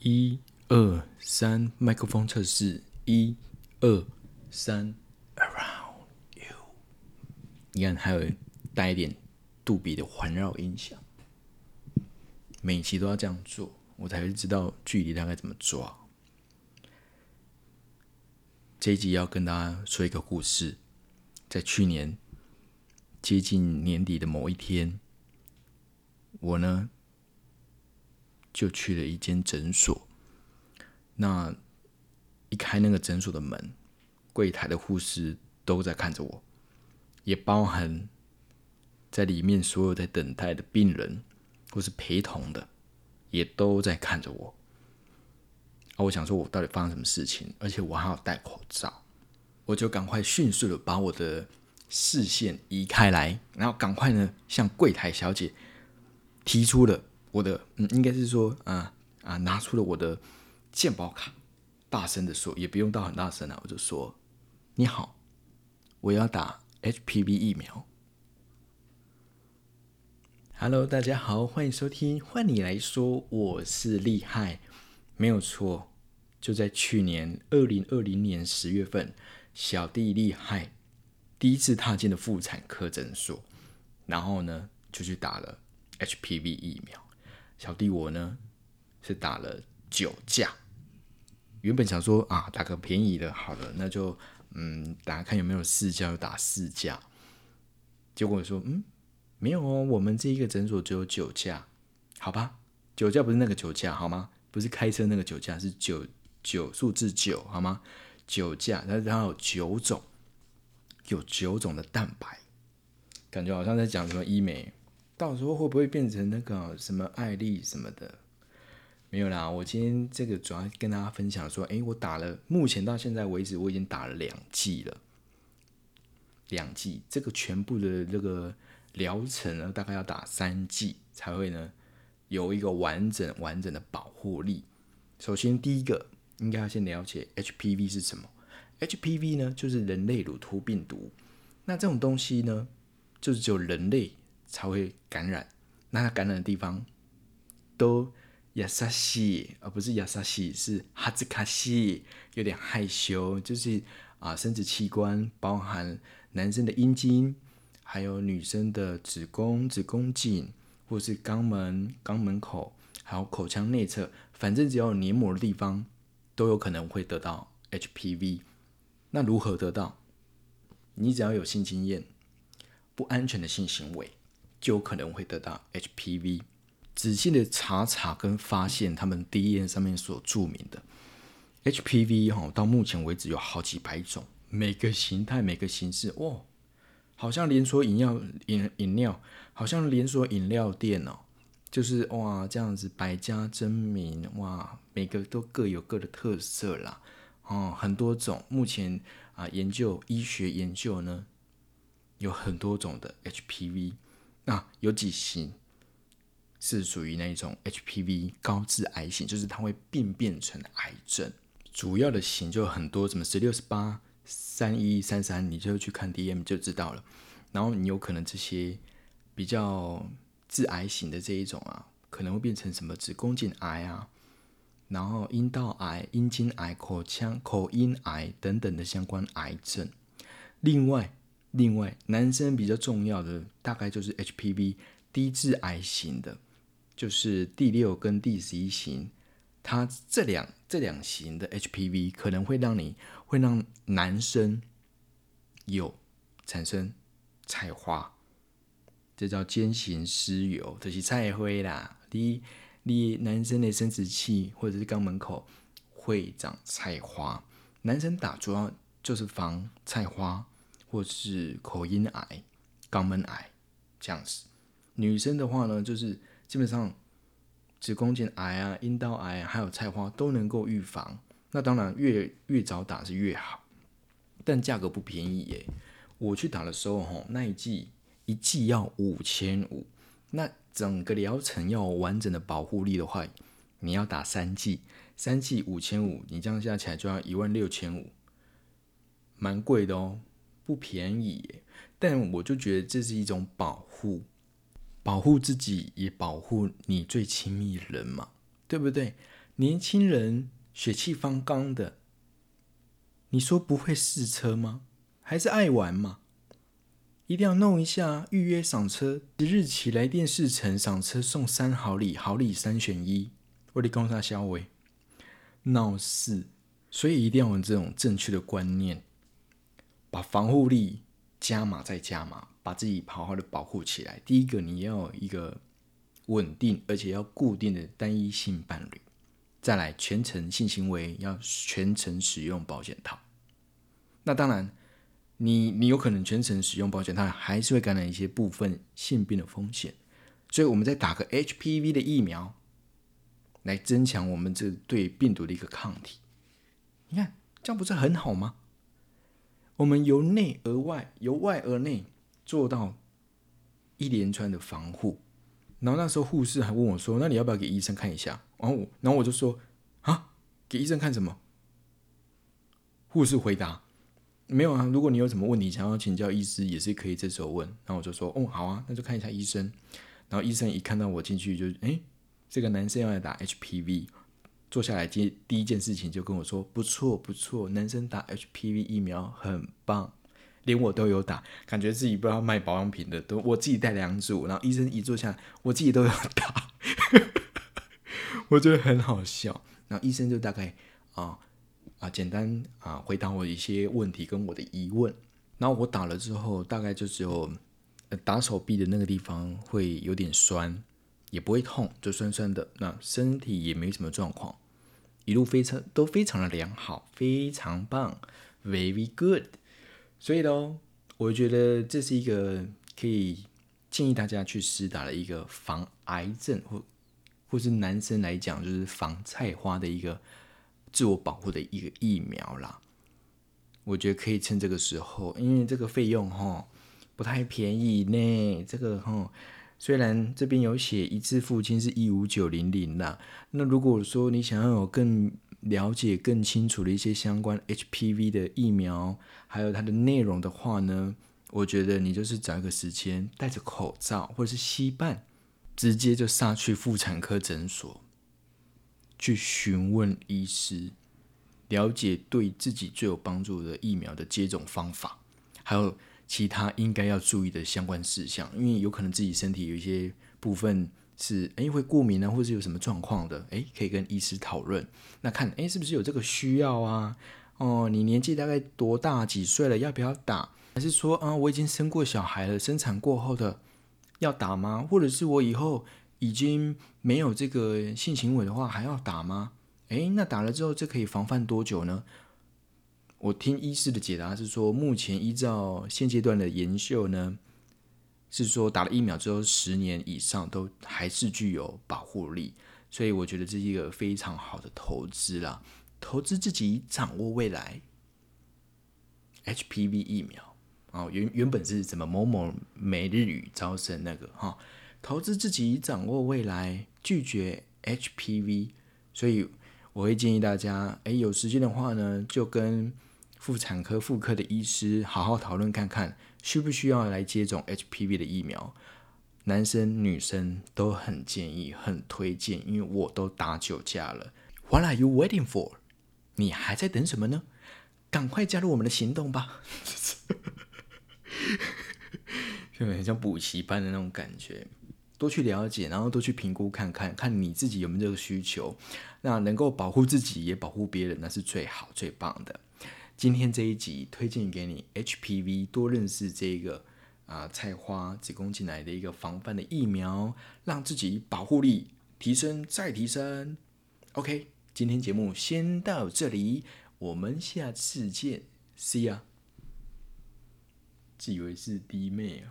一二三，麥克風測試。一二三，around you。你看，還有帶一點杜比的環繞音響。每期都要這樣做，我才會知道距離大概怎麼抓。這一集要跟大家說一個故事，在去年接近年底的某一天，我呢。就去了一間診所，那一開那個診所的門，櫃檯的護士都在看着我，也包含在裡面所有在等待的病人或是陪同的，也都在看着我。啊，我想說，我到底發生什麼事情？而且我還要戴口罩，我就趕快迅速的把我的視線移開來，然後趕快呢，向櫃檯小姐提出了。我的嗯，應該是說啊，啊，拿出了我的健保卡，大聲的說，也不用到很大聲啊，我就說，你好，我要打 HPV 疫苗。Hello，大家好，歡迎收聽。換你來說，我是厲害，沒有錯。就在去年二零二零年十月份，小弟厲害，第一次踏進了婦產科診所，然後呢，就去打了 HPV 疫苗。小弟我呢，是打了九價。原本想說啊，打個便宜的，好了，那就嗯，打看有沒有四價，就打四價。結果說，嗯，沒有哦，我們這一個診所只有九價，好吧？九價不是那個酒駕好嗎？不是開車那個酒駕，是九九數字九好嗎？九價，但是它有九種，有九種的蛋白，感覺好像在講什麼醫美。到時候會不會變成那個什麼愛例什麼的？沒有啦，我今天這個主要跟大家分享說，哎、欸，我打了，目前到現在為止，我已經打了兩劑了。兩劑，這個全部的這個療程呢，大概要打三劑才會呢有一個完整完整的保護力。首先第一個應該要先了解 HPV 是什麼？HPV 呢就是人類乳突病毒，那這種東西呢就是只有人類。才會感染。那感染的地方都亞薩西，而不是亞薩西，是哈茲卡西，有點害羞。就是啊，生殖器官包含男生的陰莖，還有女生的子宮、子宮頸，或是肛門、肛門口，還有口腔內側，反正只要有黏膜的地方，都有可能會得到 HPV。那如何得到？你只要有性經驗，不安全的性行為。就可能會得到 HPV，仔細的查查跟發現，他們 DNA 上面所注明的 HPV 哈、哦，到目前為止有好幾百種，每個形態每個形式，哇、哦，好像連鎖飲料飲飲料，好像連鎖飲料店哦，就是哇這樣子百家爭鳴，哇，每個都各有各的特色啦，哦，很多種，目前啊、呃、研究醫學研究呢，有很多種的 HPV。啊，有幾型是屬於那種 HPV 高致癌型，就是它會變變成癌症。主要的型就很多，什麼十六、十八、三一、三三，你就去看 DM 就知道了。然後你有可能這些比較致癌型的這一種啊，可能會變成什麼子宮頸癌啊，然後陰道癌、陰莖癌、口腔口咽癌等等的相關癌症。另外，另外，男生比較重要的大概就是 HPV 低致癌型的，就是第六跟第十一型，它這兩這兩型的 HPV 可能會讓你會讓男生有產生菜花，這叫尖形濕疣，就是菜花啦，你你男生的生殖器或者是肛門口會長菜花，男生打主要就是防菜花。或是口咽癌、肛門癌這樣子，女生的話呢，就是基本上子宮頸癌啊、陰道癌、啊、還有菜花都能夠預防。那當然越越早打是越好，但價格不便宜耶、欸。我去打的時候吼，那一劑一劑要五千五，那整個療程要有完整的保護力的話，你要打三劑，三劑五千五，你這樣加起來就要一萬六千五，蠻貴的哦。不便宜耶，但我就覺得這是一種保護，保護自己也保護你最親密的人嘛，對不對？年輕人血氣方剛的，你說不會試車嗎？還是愛玩嘛？一定要弄一下預約賞車，即日起來電試乘，賞車送三好禮，好禮三選一。我得告訴他小偉，鬧、no, 事，所以一定要有這種正確的觀念。把防護力加碼再加碼，把自己好好的保護起來。第一個，你要有一個穩定而且要固定的單一性伴侶，再來全程性行為要全程使用保險套。那當然，你你有可能全程使用保險套，還是會感染一些部分性病的風險。所以，我們再打個 HPV 的疫苗，來增強我們這對病毒的一個抗體。你看，這樣不是很好嗎？我們由內而外，由外而內做到一連串的防護。然後那時候護士還問我說：“那你要不要給醫生看一下？”然後我，然後我就說：“啊，給醫生看什麼？”護士回答：“沒有啊，如果你有什麼問題想要請教醫師，也是可以這時候問。”然後我就說：“哦，好啊，那就看一下醫生。”然後醫生一看到我進去就：“誒，這個男生要來打 HPV。”坐下來，接第一件事情就跟我說：“不錯不錯，男生打 HPV 疫苗很棒，連我都有打，感覺自己不要賣保養品的都我自己帶兩組。然後醫生一坐下來，我自己都有打， 我覺得很好笑。然後醫生就大概啊啊簡單啊回答我一些問題跟我的疑問。然後我打了之後，大概就只有、呃、打手臂的那個地方會有點痠。”也不會痛，就酸酸的。那身體也沒什麼狀況，一路非常都非常的良好，非常棒，very good。所以呢，我覺得這是一個可以建議大家去施打的一個防癌症或或是男生來講就是防菜花的一個自我保護的一個疫苗啦。我覺得可以趁這個時候，因為這個費用吼不太便宜呢，這個吼。雖然這邊有寫一次付清是一五九零零啦，那如果說你想要有更了解、更清楚的一些相關 HPV 的疫苗，還有它的內容的話呢，我覺得你就是找一個時間，戴着口罩或者是吸瓣，直接就殺去婦產科診所，去詢問醫師，了解對自己最有幫助的疫苗的接種方法，還有。其他應該要注意的相關事項，因為有可能自己身體有一些部分是誒會過敏啊，或者有什麼狀況的，誒。可以跟醫師討論，那看誒是不是有這個需要啊？哦，你年紀大概多大幾歲了？要不要打？還是說啊我已經生過小孩了，生產過後的要打嗎？或者是我以後已經沒有這個性行為的話，還要打嗎？誒，那打了之後這可以防範多久呢？我聽醫師的解答是說，目前依照現階段的研究呢，是說打了疫苗之後十年以上都還是具有保護力，所以我覺得這是一個非常好的投資啦。投資自己，掌握未來。HPV 疫苗啊，原原本是什麼某某每日語招生那個哈？投資自己，掌握未來，拒絕 HPV。所以我會建議大家，哎，有時間的話呢，就跟。婦產科、婦科的醫師好好討論看看，需不需要來接種 HPV 的疫苗？男生、女生都很建議、很推薦，因為我都打九價了。What are you waiting for？你還在等什麼呢？趕快加入我們的行動吧！ 就很像補習班的那種感覺，多去了解，然後多去評估看看，看你自己有沒有這個需求。那能夠保護自己，也保護別人，那是最好、最棒的。今天這一集推薦給你 HPV 多認識這個啊、呃、菜花子宮頸癌的一個防範的疫苗，讓自己保護力提升再提升。OK，今天節目先到這裡，我們下次見，See you。自以為是弟妹啊。